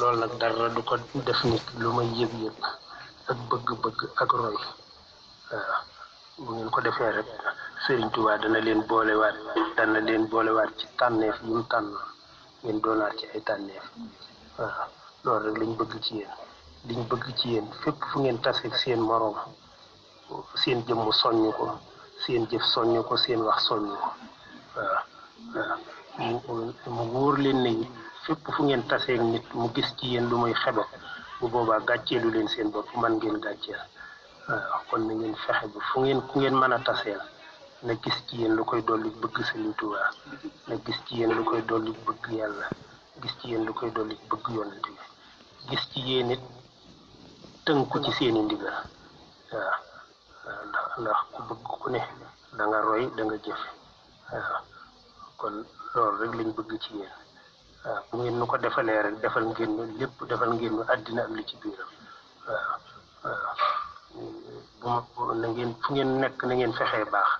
lool nak dara du ko def nit lu may yeb yëg ak bëgg bëgg ak roy bu ngeen ko defee rek serigne touba dana leen waat dana leen waat ci tànneef yu mu tànn ngeen doonaat ci ay tànneef waaw loolu rek lañ bëgg ci yéen liñ bëgg ci yéen fépp fu ngeen taseeg seen morom seen jëmm soññ ko seen jëf soññ ko seen wax soññ ko waaw mu wóor leen ne fépp fu ngeen taseeg nit mu gis ci yeen lu muy xebe bu gatché lu leen seen bop man ngeen gatché kon na ngeen fexé bu fu ngeen ku ngeen mëna a na gis ci yeen lu koy dolli bëgg Sëriñ tuwa na gis ci yeen lu koy dolli bëgg yalla gis ci yeen lu koy dolli bëgg yonent bi gis ci yéen it tënku ci seen ndigal ndax ndax ku bëgg ku ne da nga roy da nga jëf kon lool rek lañ bëgg ci yeen waaw bu ngeen nu ko defalee rek defal ngeen nu lépp defal ngeen nu àddina ak li ci biiram waaw waaw bu ma na ngeen fu ngeen nekk na ngeen fexee baax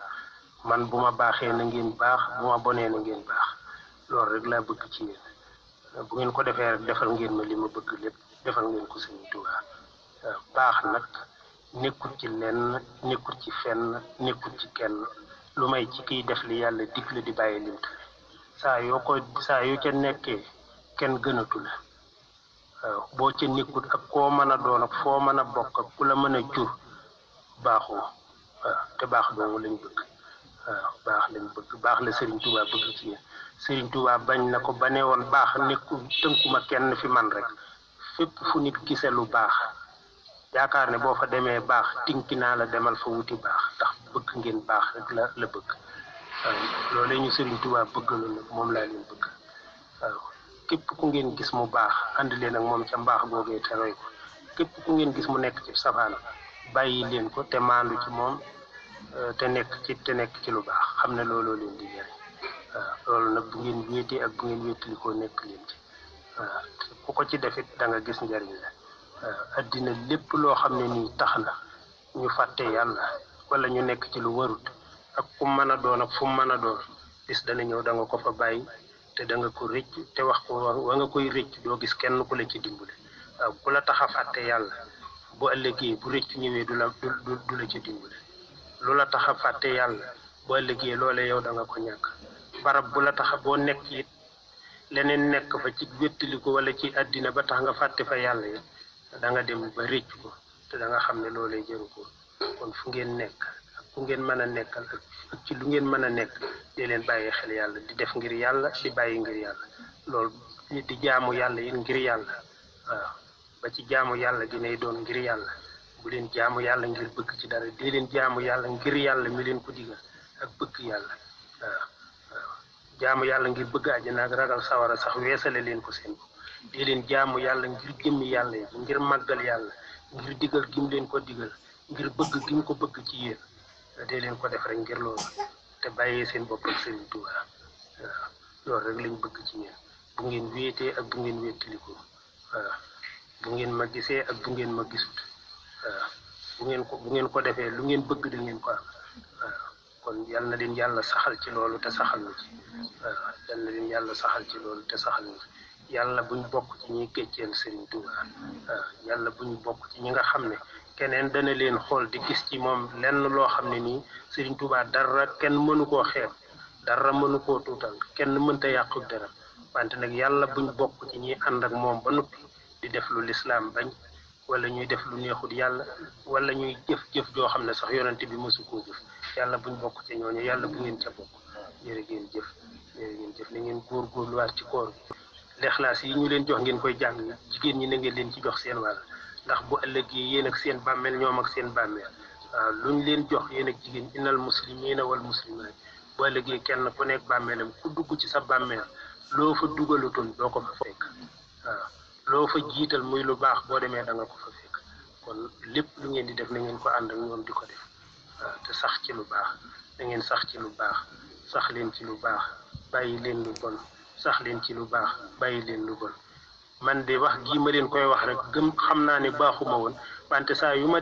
man bu ma baaxee na ngeen baax bu ma bonee na ngeen baax loolu rek laa bëgg ci yéen bu ngeen ko defee rek defal ngeen ma li ma bëgg lépp defal ngeen ko Sëriñ Tuubaa baax nag nekkul ci lenn nekkul ci fenn nekkul ci kenn lu may ci kiy def li yàlla digle di bàyyi lim tere saa yoo ko saa yoo ca nekkee kenn gënatu la waaw boo ca nekkut ak koo mën a doon ak foo mën a bokk ak ku la mën a jur baaxoo te baax doomu lañ bëgg waaw baax lañ bëgg baax la sëriñ tuba bëgg ci ñun sëriñ tuba bañ na ko ba ne woon baax nekku tënkuma kenn fi man rek fépp fu nit gise lu baax yaakaar ne boo fa demee baax tinki naa la demal fa wuti baax ndax bëgg ngeen baax rek la la bëgg waaw loolu ñu Sëriñ Tuubaa bëggaloon nag moom laa leen bëgg waaw képp ku ngeen gis mu baax ànd leen ak moom ca mbaax googee te roy ko képp ku ngeen gis mu nekk ci safaan bàyyi leen ko te maandu ci moom euh, te nekk ci te nekk ci lu baax xam ne looloo leen di jëriñ waaw loolu nag bu ngeen wéetee ak bu ngeen wéetalikoo nekk leen ci waaw ku ko ci defit danga gis njëriñ la waaw lépp loo xam ne nii tax na ñu fàtte yàlla wala ñu nekk ci lu warut ak ku mën a doon ak fu mën a doon bis dana ñëw da nga ko fa bàyyi te da nga ko rëcc te wax ko wa nga koy rëcc doo gis kenn ku la ci dimbale waaw ku la tax a fàtte yàlla bu ëllëgee bu rëcc ñëwee du la du du la ci dimbale lu la tax a fàtte yàlla bu ëllëgee loole yow da nga ko ñàkk barab bu la tax boo nekk it leneen nekk fa ci wéttaliku wala ci addina ba tax nga fàtte fa yàlla yi da nga dem ba rëcc ko te da nga xam ne loolee jëru ko kon fu ngeen nekk ku ngeen mën a nekkal ak ci lu ngeen mën a nekk di leen bàyyi xel yàlla di def ngir yàlla di bàyyi ngir yàlla loolu di jaamu yàlla yéen ngir yàlla waaw ba ci jaamu yàlla gi nay doon ngir yàlla bu leen jaamu yàlla ngir bëgg ci dara di leen jaamu yàlla ngir yàlla mi leen ko digal ak bëgg yàlla waaw jaamu yàlla ngir bëgg àjjana ak ragal sawara sax weesale leen ko seen di leen jaamu yàlla ngir jëmmi yàlla ngir màggal yàlla ngir digal gim leen ko digal ngir bëgg gim ko bëgg ci yéen dee leen ko def rek ngir loolu te bàyyee seen bopp ak Sëriñ loolu rek lañ bëgg ci ñeen bu ngeen wéetee ak bu ngeen wéttalikoo waaw bu ngeen ma gisee ak bu ngeen ma gisut waaw bu ngeen ko bu ngeen ko defee lu ngeen bëgg da ngeen ko am kon yal na leen yàlla saxal ci loolu te saxal na ci leen yàlla saxal ci loolu te saxal na buñ bokk ci ñuy gécceel Sëriñ Tuuba waaw buñ bokk ci ñi nga xam ne keneen dana leen xool di gis ci moom lenn loo xam ne nii sëriñ tuuba dara kenn mënu koo xeeb dara mënu koo tuutal kenn mënta yàqu dara wante nag yàlla buñ bokk ci ñi ànd ak moom ba noppi di def lu lislaam bañ wala ñuy def lu neexut yàlla wala ñuy jëf jëf joo xam ne sax yonante bi mosu koo jëf yàlla buñ bokk ci ñooñu yàlla bu ngeen ca bokk jërë ngeen jëf jërë ngeen jëf ni ngeen góor góorluwaat ci koor gi lexlaas yi ñu leen jox ngeen koy jàng jigéen ñi na ngeen leen ci jox seen wàll ndax bu ëllëgee yéen ak seen bàmmeel ñoom ak seen bàmmeel waaw lu ñu leen jox yéen ak jigéen innal muslimina wal muslimaat bu ëllëgee kenn ku nekk bàmmeelam ku dugg ci sa bàmmeel loo fa dugalutoon doo ko fa fekk loo fa jiital muy lu baax boo demee da nga ko fa fekk kon lépp lu ngeen di def na ngeen ko ànd ak ñoom di ko def te sax ci lu baax da ngeen sax ci lu baax sax leen ci lu baax bàyyi leen lu bon sax leen ci lu baax bàyyi leen lu bon man de wax gii ma leen koy wax rek gëm xam naa ne baaxuma woon wante saa yu ma